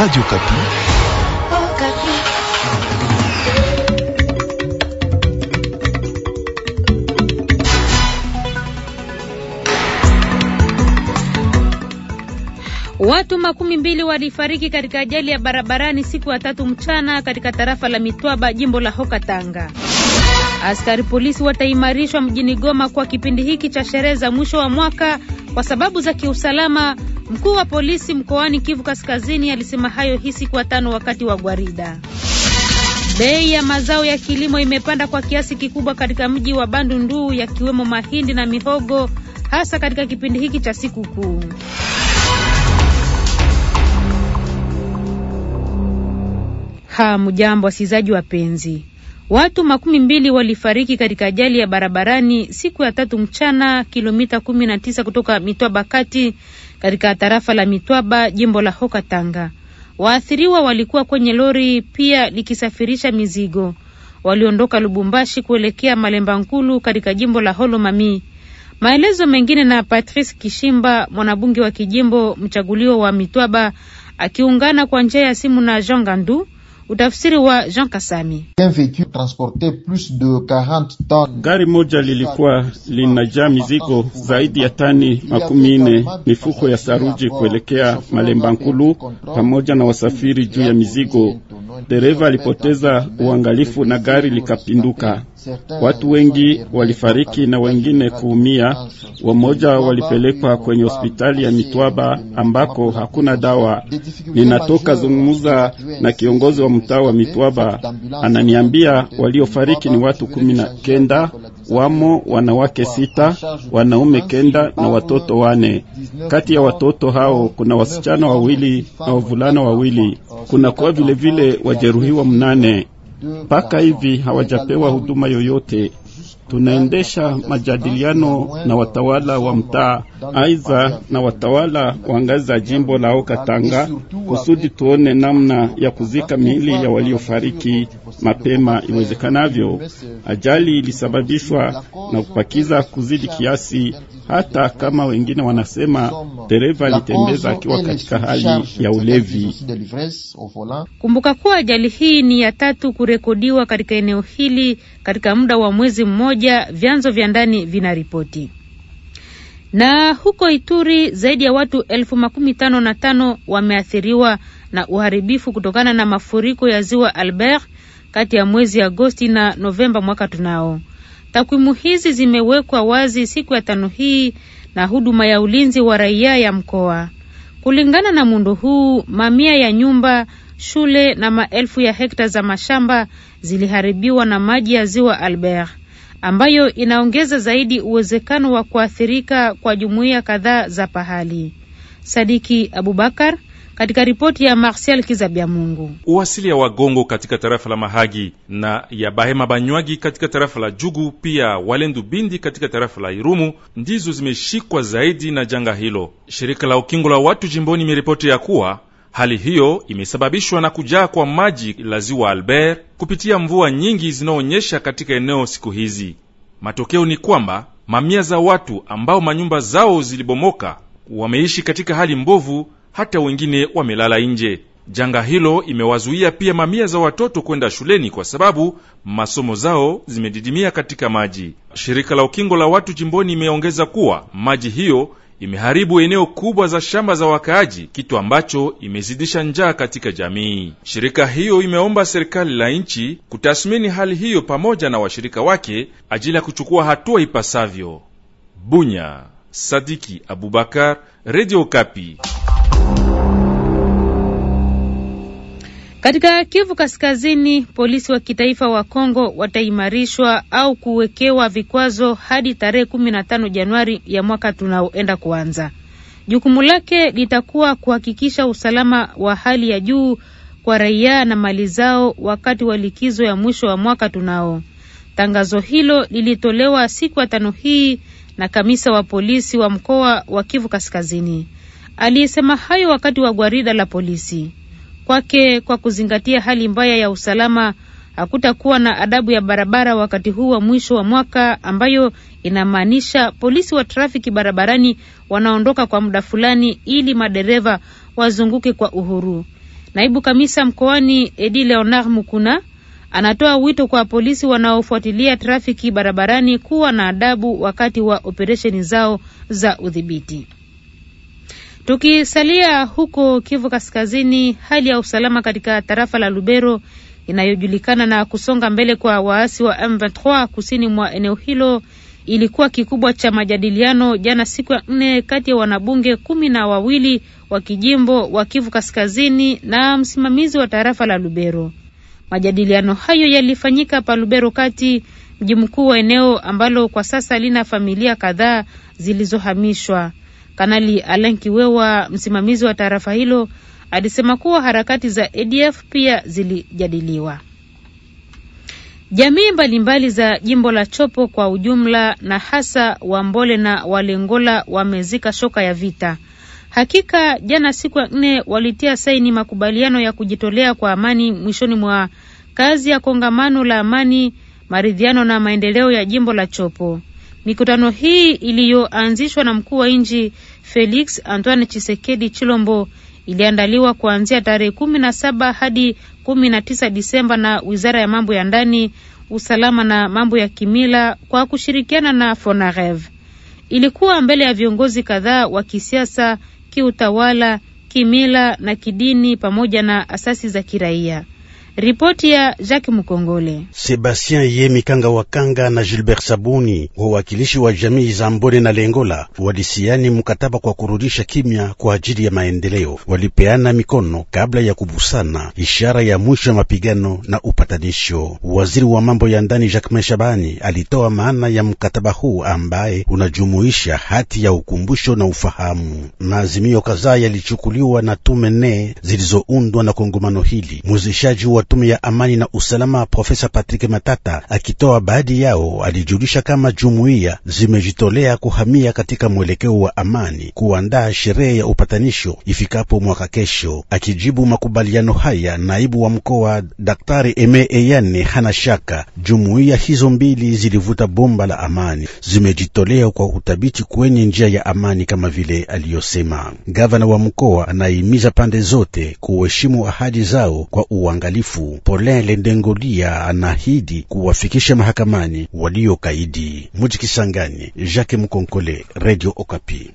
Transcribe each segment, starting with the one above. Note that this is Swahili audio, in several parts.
Radio Kapi. Watu makumi mbili walifariki katika ajali ya barabarani siku ya tatu mchana katika tarafa la Mitwaba, jimbo la hokatanga Askari polisi wataimarishwa mjini Goma kwa kipindi hiki cha sherehe za mwisho wa mwaka kwa sababu za kiusalama, mkuu wa polisi mkoani Kivu Kaskazini alisema hayo hii siku ya tano wakati wa gwarida. Bei ya mazao ya kilimo imepanda kwa kiasi kikubwa katika mji wa Bandundu, yakiwemo mahindi na mihogo, hasa katika kipindi hiki cha sikukuu. Hamjambo wasikilizaji wapenzi. Watu makumi mbili walifariki katika ajali ya barabarani siku ya tatu mchana, kilomita kumi na tisa kutoka Mitwaba kati katika tarafa la Mitwaba, jimbo la Hoka Tanga. Waathiriwa walikuwa kwenye lori pia likisafirisha mizigo. Waliondoka Lubumbashi kuelekea Malemba Nkulu katika jimbo la Holo Mami. Maelezo mengine na Patrice Kishimba, mwanabunge wa kijimbo mchaguliwa wa Mitwaba, akiungana kwa njia ya simu na Jean Gandu Utafsiri wa Jean Kasami. Gari moja lilikuwa linajaa mizigo zaidi ya tani makumi nne mifuko ya saruji kuelekea Malemba Nkulu pamoja na wasafiri juu ya mizigo. Dereva alipoteza uangalifu na gari likapinduka. Watu wengi walifariki na wengine kuumia. Wamoja walipelekwa kwenye hospitali ya Mitwaba ambako hakuna dawa. Ninatoka zungumuza na kiongozi wa mtaa wa Mitwaba, ananiambia waliofariki ni watu kumi na kenda wamo wanawake sita, wanaume kenda na watoto wane. Kati ya watoto hao kuna wasichana wawili na wavulana wawili. Kunakuwa vilevile wajeruhiwa mnane mpaka hivi hawajapewa huduma yoyote tunaendesha majadiliano na watawala wa mtaa, aidha na watawala wa ngazi za jimbo la Okatanga, kusudi tuone namna ya kuzika miili ya waliofariki mapema iwezekanavyo. Ajali ilisababishwa na kupakiza kuzidi kiasi, hata kama wengine wanasema dereva alitembeza akiwa katika hali ya ulevi. Kumbuka kuwa ajali hii ni ya tatu kurekodiwa katika eneo hili katika muda wa mwezi mmoja moja, vyanzo vya ndani vinaripoti. Na huko Ituri zaidi ya watu elfu makumi tano na tano wameathiriwa na uharibifu kutokana na mafuriko ya ziwa Albert kati ya mwezi Agosti na Novemba mwaka tunao. Takwimu hizi zimewekwa wazi siku ya tano hii na huduma ya ulinzi wa raia ya mkoa. Kulingana na muundo huu, mamia ya nyumba, shule na maelfu ya hekta za mashamba ziliharibiwa na maji ya ziwa Albert ambayo inaongeza zaidi uwezekano wa kuathirika kwa jumuiya kadhaa za pahali. Sadiki Abubakar katika ripoti ya Marsial Mungu. Uwasili ya Wagongo katika tarafa la Mahagi na ya Bahema Banywagi katika tarafa la Jugu, pia Walendu Bindi katika tarafa la Irumu ndizo zimeshikwa zaidi na janga hilo. Shirika la ukingo la watu jimboni imeripoti ya kuwa Hali hiyo imesababishwa na kujaa kwa maji la ziwa Albert kupitia mvua nyingi zinaonyesha katika eneo siku hizi. Matokeo ni kwamba mamia za watu ambao manyumba zao zilibomoka wameishi katika hali mbovu, hata wengine wamelala nje. Janga hilo imewazuia pia mamia za watoto kwenda shuleni kwa sababu masomo zao zimedidimia katika maji. Shirika la ukingo la watu jimboni imeongeza kuwa maji hiyo imeharibu eneo kubwa za shamba za wakaaji, kitu ambacho imezidisha njaa katika jamii. Shirika hiyo imeomba serikali la nchi kutathmini hali hiyo pamoja na washirika wake ajili ya kuchukua hatua ipasavyo. Bunya, Sadiki Abubakar, Radio Kapi. Katika Kivu Kaskazini, polisi wa kitaifa wa Kongo wataimarishwa au kuwekewa vikwazo hadi tarehe kumi na tano Januari ya mwaka tunaoenda kuanza. Jukumu lake litakuwa kuhakikisha usalama wa hali ya juu kwa raia na mali zao wakati wa likizo ya mwisho wa mwaka tunao. Tangazo hilo lilitolewa siku ya tano hii na kamisa wa polisi wa mkoa wa Kivu Kaskazini. Aliyesema hayo wakati wa gwarida la polisi kwake kwa kuzingatia hali mbaya ya usalama, hakutakuwa na adabu ya barabara wakati huu wa mwisho wa mwaka, ambayo inamaanisha polisi wa trafiki barabarani wanaondoka kwa muda fulani ili madereva wazunguke kwa uhuru. Naibu kamisa mkoani Edi Leonard Mukuna anatoa wito kwa polisi wanaofuatilia trafiki barabarani kuwa na adabu wakati wa operesheni zao za udhibiti. Tukisalia huko Kivu Kaskazini, hali ya usalama katika tarafa la Lubero inayojulikana na kusonga mbele kwa waasi wa M23 kusini mwa eneo hilo ilikuwa kikubwa cha majadiliano jana siku ya nne kati ya wanabunge kumi na wawili wa kijimbo wa Kivu Kaskazini na msimamizi wa tarafa la Lubero. Majadiliano hayo yalifanyika pa Lubero kati, mji mkuu wa eneo ambalo kwa sasa lina familia kadhaa zilizohamishwa. Kanali Alain Kiwewa, msimamizi wa taarafa hilo, alisema kuwa harakati za ADF pia zilijadiliwa. Jamii mbalimbali za jimbo la Chopo kwa ujumla na hasa Wambole na Walengola wamezika shoka ya vita. Hakika jana siku ya nne walitia saini makubaliano ya kujitolea kwa amani mwishoni mwa kazi ya kongamano la amani, maridhiano na maendeleo ya jimbo la Chopo. Mikutano hii iliyoanzishwa na mkuu wa nchi Felix Antoine Chisekedi Chilombo iliandaliwa kuanzia tarehe kumi na saba hadi kumi na tisa Disemba na wizara ya mambo ya ndani, usalama na mambo ya kimila kwa kushirikiana na Fonarev. Ilikuwa mbele ya viongozi kadhaa wa kisiasa, kiutawala, kimila na kidini pamoja na asasi za kiraia. Ripoti ya Jacques Mukongole. Sebastien Yemi Kanga Wakanga na Gilbert Sabuni, wawakilishi wa jamii za Mbone na Lengola, walisiani mkataba kwa kurudisha kimya kwa ajili ya maendeleo. Walipeana mikono kabla ya kubusana, ishara ya mwisho ya mapigano na upatanisho. Waziri wa mambo ya ndani Jacquemain Shabani alitoa maana ya mkataba huu ambaye unajumuisha hati ya ukumbusho na ufahamu. Maazimio kadhaa yalichukuliwa na tume nne zilizoundwa na kongomano hili. Mwezeshaji wa tume ya amani na usalama Profesa Patrick Matata akitoa baadhi yao, alijulisha kama jumuiya zimejitolea kuhamia katika mwelekeo wa amani, kuandaa sherehe ya upatanisho ifikapo mwaka kesho. Akijibu makubaliano haya, naibu wa mkoa Daktari Eme Eyane hana shaka jumuiya hizo mbili zilivuta bomba la amani, zimejitolea kwa uthabiti kwenye njia ya amani kama vile aliyosema gavana wa mkoa. Anahimiza pande zote kuheshimu ahadi zao kwa uangalifu uhalifu. Polin Lendengolia anahidi kuwafikisha mahakamani waliokaidi. Muji Kisangani, Jacques Mkonkole, Radio Okapi.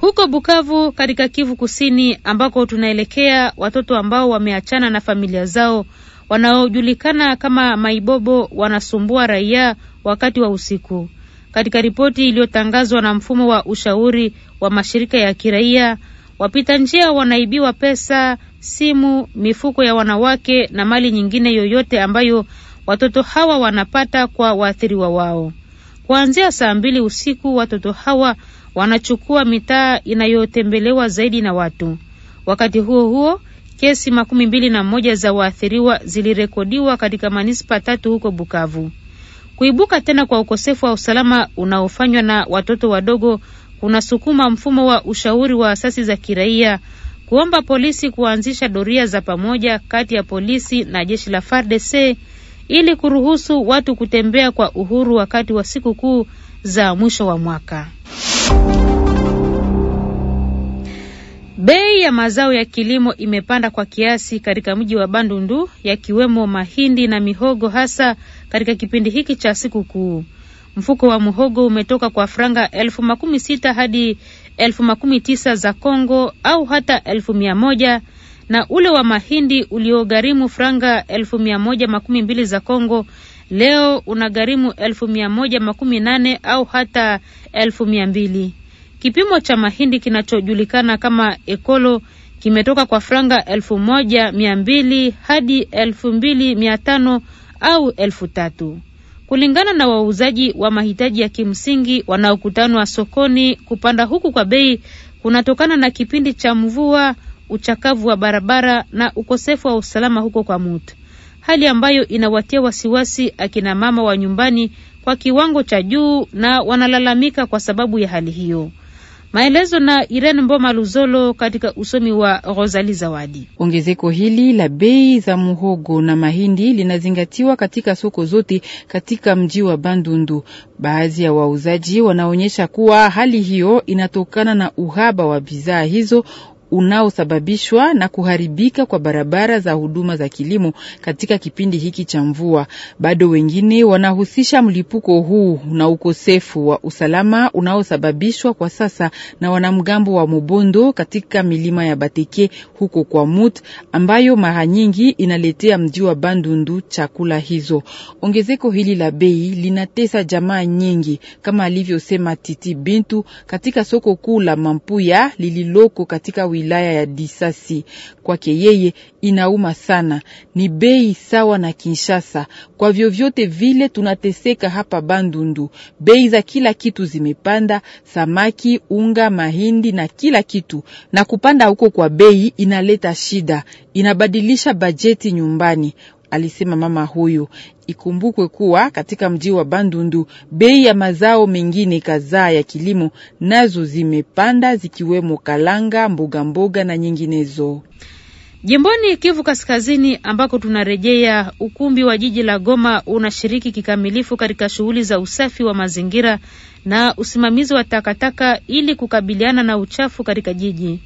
Huko Bukavu katika Kivu Kusini ambako tunaelekea, watoto ambao wameachana na familia zao wanaojulikana kama maibobo wanasumbua raia wakati wa usiku. Katika ripoti iliyotangazwa na mfumo wa ushauri wa mashirika ya kiraia Wapita njia wanaibiwa pesa, simu, mifuko ya wanawake na mali nyingine yoyote ambayo watoto hawa wanapata kwa waathiriwa wao. Kuanzia saa mbili usiku watoto hawa wanachukua mitaa inayotembelewa zaidi na watu. Wakati huo huo, kesi makumi mbili na moja za waathiriwa zilirekodiwa katika manispa tatu huko Bukavu. Kuibuka tena kwa ukosefu wa usalama unaofanywa na watoto wadogo kunasukuma mfumo wa ushauri wa asasi za kiraia kuomba polisi kuanzisha doria za pamoja kati ya polisi na jeshi la FARDC ili kuruhusu watu kutembea kwa uhuru wakati wa sikukuu za mwisho wa mwaka. Bei ya mazao ya kilimo imepanda kwa kiasi katika mji wa Bandundu, yakiwemo mahindi na mihogo, hasa katika kipindi hiki cha sikukuu. Mfuko wa muhogo umetoka kwa franga elfu makumi sita hadi elfu makumi tisa za Congo au hata elfu mia moja na ule wa mahindi uliogharimu franga elfu mia moja makumi mbili za Congo leo unagharimu elfu mia moja makumi nane au hata elfu mia mbili. Kipimo cha mahindi kinachojulikana kama ekolo kimetoka kwa franga elfu moja mia mbili hadi elfu mbili mia tano au elfu tatu. Kulingana na wauzaji wa mahitaji ya kimsingi wanaokutanwa sokoni, kupanda huku kwa bei kunatokana na kipindi cha mvua, uchakavu wa barabara na ukosefu wa usalama huko kwa Mutu, hali ambayo inawatia wasiwasi akina mama wa nyumbani kwa kiwango cha juu, na wanalalamika kwa sababu ya hali hiyo. Maelezo na Irene Mboma Luzolo katika usomi wa Rosali Zawadi. Ongezeko hili la bei za muhogo na mahindi linazingatiwa katika soko zote katika mji wa Bandundu. Baadhi ya wauzaji wanaonyesha kuwa hali hiyo inatokana na uhaba wa bidhaa hizo unaosababishwa na kuharibika kwa barabara za huduma za kilimo katika kipindi hiki cha mvua. Bado wengine wanahusisha mlipuko huu na ukosefu wa usalama unaosababishwa kwa sasa na wanamgambo wa Mobondo katika milima ya Bateke huko kwa Mut, ambayo mara nyingi inaletea mji wa Bandundu chakula hizo. Ongezeko hili la bei linatesa jamaa nyingi, kama alivyosema Titi Bintu katika soko kuu la Mampuya lililoko katika wili wilaya ya Disasi. Kwake yeye inauma sana, ni bei sawa na Kinshasa. Kwa vyovyote vile tunateseka hapa Bandundu, bei za kila kitu zimepanda, samaki, unga, mahindi na kila kitu, na kupanda huko kwa bei inaleta shida, inabadilisha bajeti nyumbani alisema mama huyu. Ikumbukwe kuwa katika mji wa Bandundu bei ya mazao mengine kadhaa ya kilimo nazo zimepanda zikiwemo kalanga, mboga mboga na nyinginezo. Jimboni Kivu Kaskazini ambako tunarejea, ukumbi wa jiji la Goma unashiriki kikamilifu katika shughuli za usafi wa mazingira na usimamizi wa takataka ili kukabiliana na uchafu katika jiji.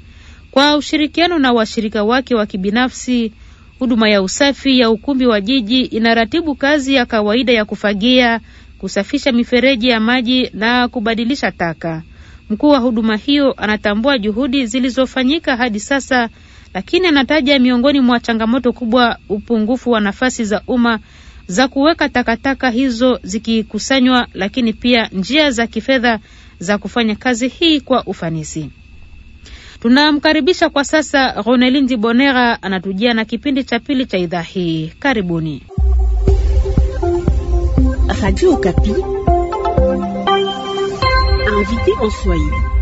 Kwa ushirikiano na washirika wake wa kibinafsi, Huduma ya usafi ya ukumbi wa jiji inaratibu kazi ya kawaida ya kufagia, kusafisha mifereji ya maji na kubadilisha taka. Mkuu wa huduma hiyo anatambua juhudi zilizofanyika hadi sasa, lakini anataja miongoni mwa changamoto kubwa upungufu wa nafasi za umma za kuweka takataka hizo zikikusanywa, lakini pia njia za kifedha za kufanya kazi hii kwa ufanisi. Tunamkaribisha kwa sasa Ronelindi Bonera, anatujia na kipindi cha pili cha idhaa hii. Karibuni. Radio Kapi. Invité en Swahili.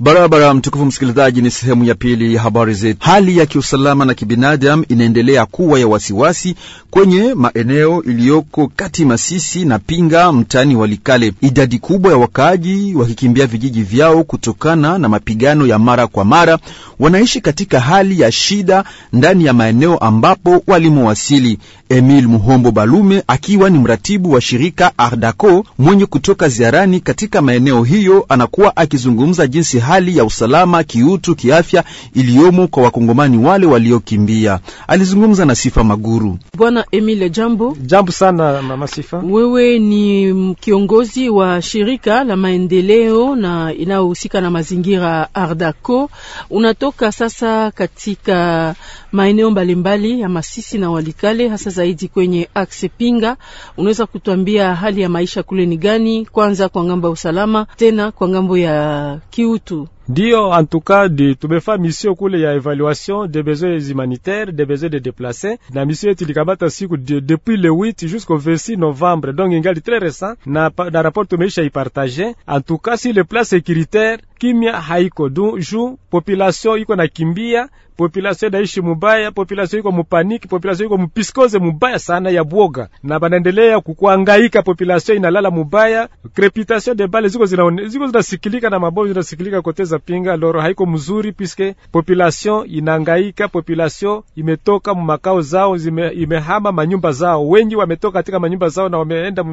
Barabara mtukufu msikilizaji, ni sehemu ya pili ya habari zetu. Hali ya kiusalama na kibinadamu inaendelea kuwa ya wasiwasi kwenye maeneo iliyoko kati Masisi na Pinga mtani Walikale, idadi kubwa ya wakaaji wakikimbia vijiji vyao kutokana na mapigano ya mara kwa mara. Wanaishi katika hali ya shida ndani ya maeneo ambapo walimowasili. Emil Muhombo Balume akiwa ni mratibu wa shirika Ardaco mwenye kutoka ziarani katika maeneo hiyo, anakuwa akizungumza jinsi hali ya usalama kiutu, kiafya iliyomo kwa wakongomani wale waliokimbia. Alizungumza na Sifa Maguru. Bwana Emile, jambo. Jambo sana mama Sifa. Wewe ni kiongozi wa shirika la maendeleo na inayohusika na mazingira Ardaco. Unatoka sasa katika maeneo mbalimbali ya Masisi na Walikale, hasa zaidi kwenye akse Pinga. Unaweza kutuambia hali ya maisha kule ni gani, kwanza kwa ngambo ya usalama, tena kwa ngambo ya kiutu? yetu. Ndiyo, en tout cas de tumefa mission kule ya evaluation des besoins humanitaires de besoins de déplacés, na mission yetu ilikamata siku de, depuis le 8 jusqu'au 26 novembre, donc ingali très récent na, na rapport tumeisha ipartage. En tout cas si le plan sécuritaire kimya haiko du ju population iko na kimbia population inaishi mubaya, population iko mupaniki, population iko mupiskoze mubaya sana ya bwoga, na banaendelea kukuangaika, population inalala mubaya, crepitation de bale ziko zina ziko zinasikilika na mabomu zinasikilika koteza pinga loro haiko mzuri, piske population inangaika, population imetoka mumakao zao zime, imehama manyumba zao, wengi wametoka katika manyumba zao na wameenda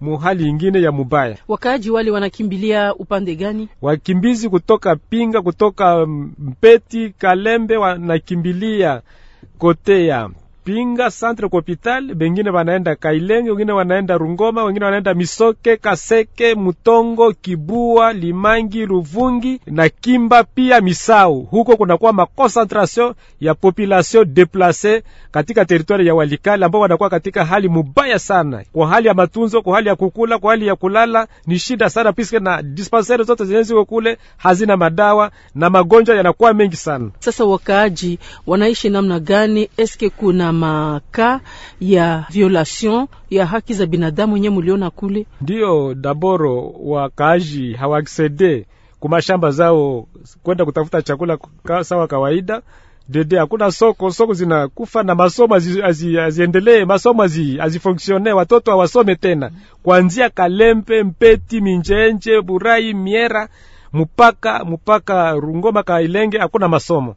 muhali ingine ya mubaya. Wakaaji wale wanakimbilia upande gani? Wakimbizi kutoka Pinga, kutoka Mpeti, Kalembe wa nakimbilia kotea Pinga Centre Hopital, bengine wanaenda Kailenge, wengine wanaenda Rungoma, wengine wanaenda Misoke, Kaseke, Mutongo, Kibua, Limangi, Ruvungi na Kimba pia Misau. Huko kunakuwa makonsentrasio ya population deplace katika teritwari ya Walikale ambao wanakuwa katika hali mubaya sana, kwa hali ya matunzo, kwa hali ya kukula, kwa hali ya kulala ni shida sana, piske na dispenseri zote zenye ziko kule hazina madawa na magonjwa yanakuwa mengi sana. Sasa wakaaji wanaishi namna gani? Eske kuna maka ya violation ya haki za binadamu nye muliona kule? Ndiyo, daboro wakaaji hawakisedee kumashamba zao kwenda kutafuta chakula sawa kawaida dede hakuna soko, soko zinakufa na masomo aziendelee, masomo azifonksione, watoto awasome tena, kuanzia Kalempe, Mpeti, Minjenje, Burai, Miera mpaka mpaka Rungoma, Kailenge hakuna masomo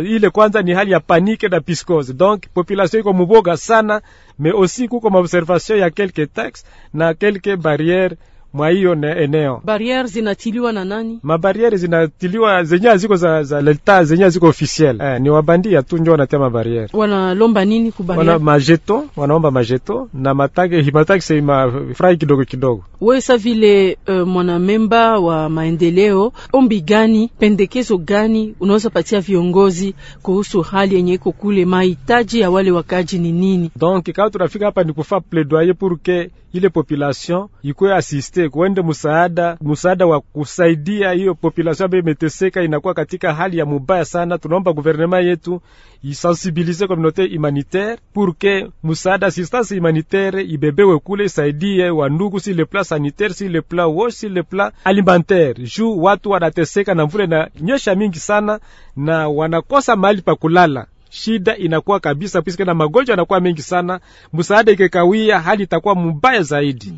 ile kwanza ni hali ya panique na piscose. Donc population iko muboga sana, mais aussi kuko observation ya quelques taxes na quelques barrières mwa hiyo eneo. Bariere zinatiliwa na nani? Mabariere zinatiliwa zenye aziko za, za leta zenye aziko officiel eh, ni wabandia tu ndio wanatia mabariere. Wanalomba nini ku bariere? Wana majeto, wanaomba majeto na matage himatakse ma frai kidogo kidogo. Wewe sa vile uh, mwanamemba wa maendeleo, ombi gani, pendekezo gani unaweza patia viongozi kuhusu hali yenye iko kule, mahitaji ya wale wakaji ni nini? Donc kama tunafika hapa ni kufa plaidoyer pour que ile population ikuwe asiste kuende musaada musaada wa kusaidia hiyo population ambayo imeteseka, inakuwa katika hali ya mubaya sana. Tunaomba guvernema yetu isensibilize communauté humanitaire pour que musaada assistance humanitaire ibebewe kule, isaidie wandugu, si le plan sanitaire, si le plan wash, si le plan alimentaire, juu watu wanateseka na mvula na nyesha mingi sana, na wanakosa mahali pa kulala shida inakuwa kabisa, piske na magonjwa yanakuwa mengi sana, msaada ikikawia, hali itakuwa mbaya zaidi.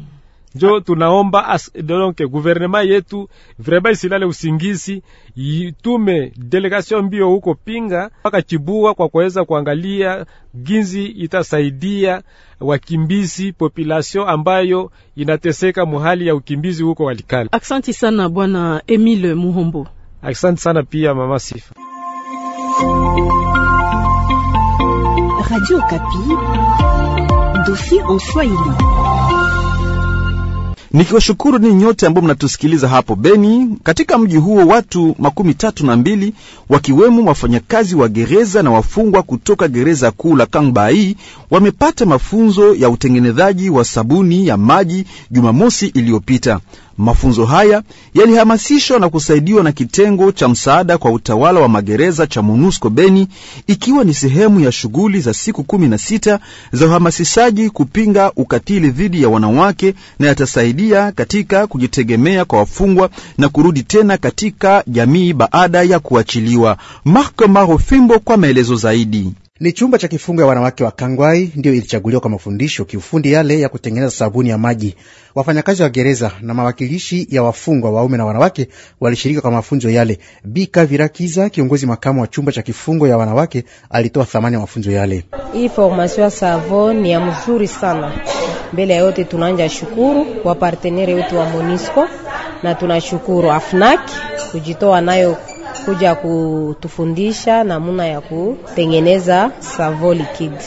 Njo ah. tunaomba as, guvernema yetu vrema isilale usingizi, itume delegation mbio huko Pinga mpaka Chibua kwa kuweza kuangalia ginzi itasaidia wakimbizi population ambayo inateseka muhali ya ukimbizi huko Walikale. Aksanti sana Bwana Emile Muhombo. Aksanti sana pia Mama Sifa. Radio Kapi, dossier en Swahili. Nikiwashukuru ni nyote ambao mnatusikiliza hapo Beni. Katika mji huo watu makumi tatu na mbili wakiwemo wafanyakazi wa gereza na wafungwa kutoka gereza kuu la Kangbai wamepata mafunzo ya utengenezaji wa sabuni ya maji Jumamosi iliyopita. Mafunzo haya yalihamasishwa na kusaidiwa na kitengo cha msaada kwa utawala wa magereza cha MONUSCO Beni, ikiwa ni sehemu ya shughuli za siku kumi na sita za uhamasishaji kupinga ukatili dhidi ya wanawake na yatasaidia katika kujitegemea kwa wafungwa na kurudi tena katika jamii baada ya kuachiliwa. Mark fimbo kwa maelezo zaidi. Ni chumba cha kifungo ya wanawake wa Kangwai ndiyo ilichaguliwa kwa mafundisho kiufundi yale ya kutengeneza sabuni ya maji. Wafanyakazi wa gereza na mawakilishi ya wafungwa waume na wanawake walishiriki kwa mafunzo yale. Bika Virakiza, kiongozi makamu wa chumba cha kifungo ya wanawake, alitoa thamani ya mafunzo yale. Hii formasio ya savo ni ya mzuri sana. Mbele ya yote, tunaanja shukuru wapartenere wetu wa Monisco na tunashukuru AFNAK kujitoa nayo kuja kutufundisha namuna ya kutengeneza savon liquide.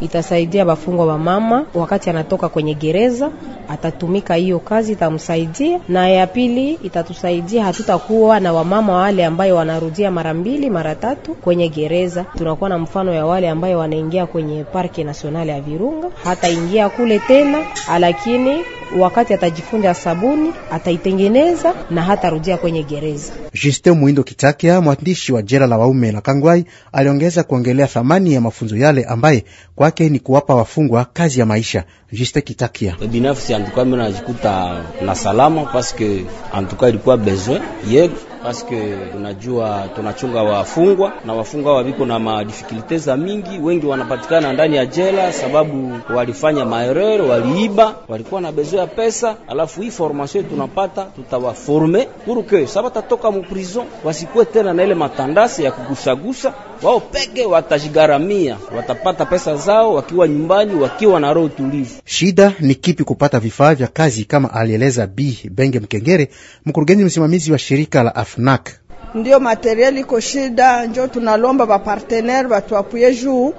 Itasaidia bafungwa wa mama wakati anatoka kwenye gereza, atatumika hiyo kazi, itamsaidia. Na ya pili itatusaidia, hatutakuwa na wamama wale ambayo wanarudia mara mbili mara tatu kwenye gereza. Tunakuwa na mfano ya wale ambayo wanaingia kwenye parke nasionale ya Virunga, hataingia kule tena, lakini wakati atajifunda sabuni ataitengeneza na hata rudia kwenye gereza. Justin Muindo Kitakia, mwandishi wa jela la waume la Kangwai, aliongeza kuongelea thamani ya mafunzo yale ambaye kwake ni kuwapa wafungwa kazi ya maisha. Justin Kitakia: binafsi antuka mimi najikuta na salama paske antuka ilikuwa besoin ye paske tunajua tunachunga wafungwa na wafungwa waviko na madifikulte za mingi. Wengi wanapatikana ndani ya jela sababu walifanya maerere, waliiba, walikuwa na bezo ya pesa. Alafu hii formation tunapata, tutawaforme kuruke sabatatoka mu prison, wasikuwe tena na ile matandasi ya kugusagusa wao peke watajigaramia, watapata pesa zao wakiwa nyumbani, wakiwa na roho tulivu. Shida ni kipi? Kupata vifaa vya kazi, kama alieleza b Benge Mkengere, mkurugenzi msimamizi wa shirika la AFNAC. ndio materieli iko shida, njo tunalomba bapartenere batuapuye juu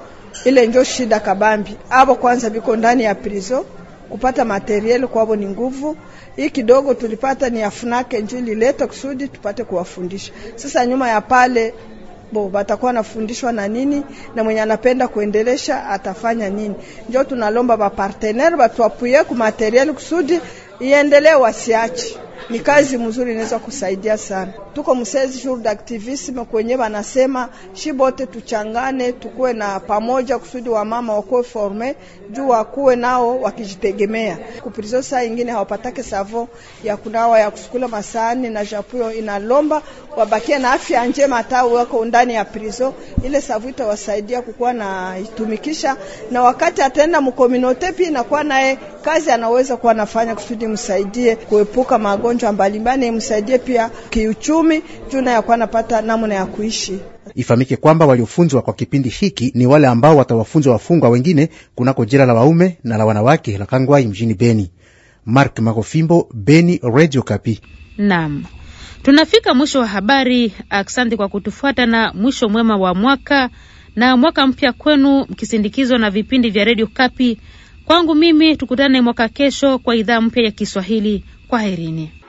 ile njo shida kabambi. Abo kwanza biko ndani ya prizo, kupata materieli kwabo ni nguvu. Hii kidogo tulipata ni afunake njuu ilileta kusudi tupate kuwafundisha. Sasa nyuma ya pale bo batakuwa nafundishwa na nini, na mwenye anapenda kuendelesha atafanya nini. Njo tunalomba bapartenere batuapuye ku materiel kusudi iendelee, wasiache. Ni kazi mzuri, inaweza kusaidia sana tuko msezi jour d'activisme kwenye wanasema shi bote tuchangane, tukuwe na pamoja kusudi wa mama wakuwe forme juu wakuwe nao wakijitegemea. Kuprizo saa ingine hawapatake savo ya kunawa ya kusukula masani na japuyo, inalomba wabakie na afya njema hata wako ndani ya prizo. Ile savu itawasaidia kukuwa na itumikisha, na wakati ataenda mkominote pia inakuwa naye kazi anaweza kuwa nafanya kusudi msaidie kuepuka magonjwa mbalimbali, msaidie pia kiuchumi kumi juu naye akuwa napata namna ya kuishi. Ifahamike kwamba waliofunzwa kwa kipindi hiki ni wale ambao watawafunza wafungwa wengine kunako jela la waume na la wanawake la Kangwai mjini Beni. Mark Makofimbo, Beni, Radio Kapi. Naam, tunafika mwisho wa habari. Asante kwa kutufuata na mwisho mwema wa mwaka na mwaka mpya kwenu, mkisindikizwa na vipindi vya redio Kapi. Kwangu mimi, tukutane mwaka kesho kwa idhaa mpya ya Kiswahili. Kwaherini.